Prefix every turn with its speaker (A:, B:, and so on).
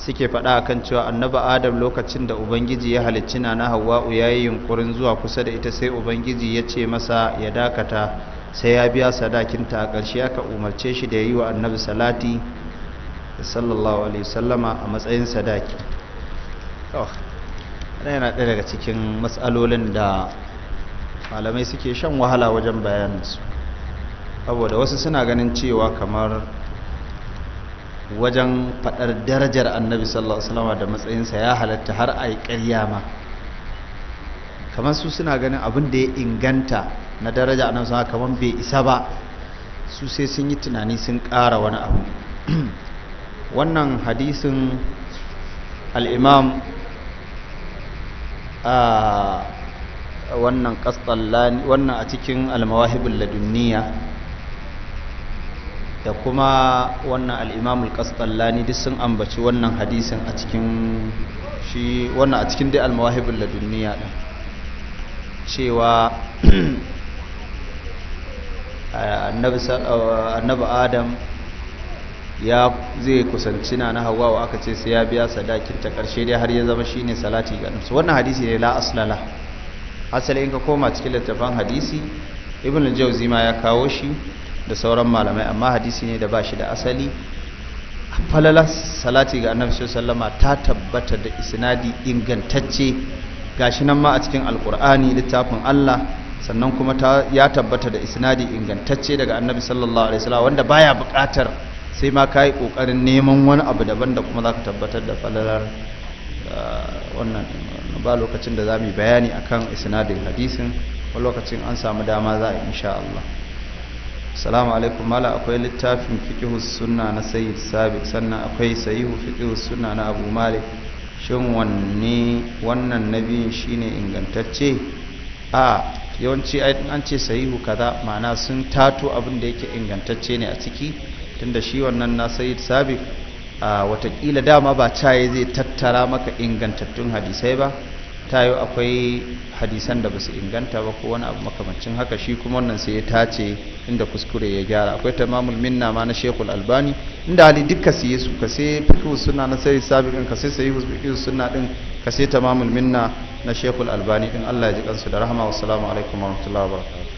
A: suke faɗa akan cewa annabi adam lokacin da ubangiji ya halicci na hawa'u ya yi yunkurin zuwa kusa da ita sai ubangiji ya ce masa ya dakata sai ya biya sadakinta a ƙarshe aka umarce shi da ya yi wa annabi salati sallallahu alaihi sallama a matsayin sadaki ɗaya yana ɗaya daga cikin matsalolin da malamai suke shan wahala wajen bayaninsu saboda wasu suna ganin cewa kamar wajen faɗar darajar annabi sallallahu alaihi wasallam da matsayinsa ya halatta har a yi ƙarya ma kamar su suna ganin abin da ya inganta na daraja annabi sallallahu kamar bai isa ba su sai sun yi tunani sun ƙara wani abu wannan hadisin al'imam a wannan wannan a cikin almawahibin ladunniya da kuma wannan al'imamul kastallani duk sun ambaci wannan hadisin a cikin shi wannan a cikin dai almawahibin laduniya ɗin cewa annabi adam ya zai kusanci na na hawa aka ce sai ya biya sadakin ta ƙarshe dai har ya zama shine salati ga nafsu wannan hadisi ne la aslala asali in ka koma cikin littafin hadisi ibn al ma ya kawo shi da sauran malamai amma hadisi ne da ba shi da asali falala salati ga annabi sallama ta tabbata da isnadi ingantacce gashi nan ma a cikin alkur'ani littafin Allah sannan kuma ta ya tabbata da isnadi ingantacce daga annabi sallallahu alaihi wasallam wanda baya buƙatar sai ma kai kokarin neman wani abu daban da kuma zaka tabbatar da falalar ah, wannan ba lokacin da zamu bayani akan isnadin hadisin wani lokacin an samu dama za a insha Allah salamu alaikum mala akwai littafin fiqhu sunna na sayyid sabiq sannan akwai sahihu fiqhu sunna na abu malik shin wanne wannan nabiyin shine ingantacce a yawanci an ce sahihu kaza ma'ana sun tato abin da yake ingantacce ne a ciki tunda shi wannan na sayyid sabiq a watakila dama ba caye zai tattara maka ingantattun hadisai ba tayo akwai hadisan da ba su inganta ba ko wani abu makamancin haka shi kuma wannan sai ya tace inda kuskure ya gyara akwai tamamul minna ma na shekul albani inda hali duk ka siye su ka sai fiqh suna na sai ɗin ka sai sai fiqh suna din ka sai tamamul minna na shekul albani ɗin Allah ya ji kansu da rahama salamu alaikum wa wa wabarakatuh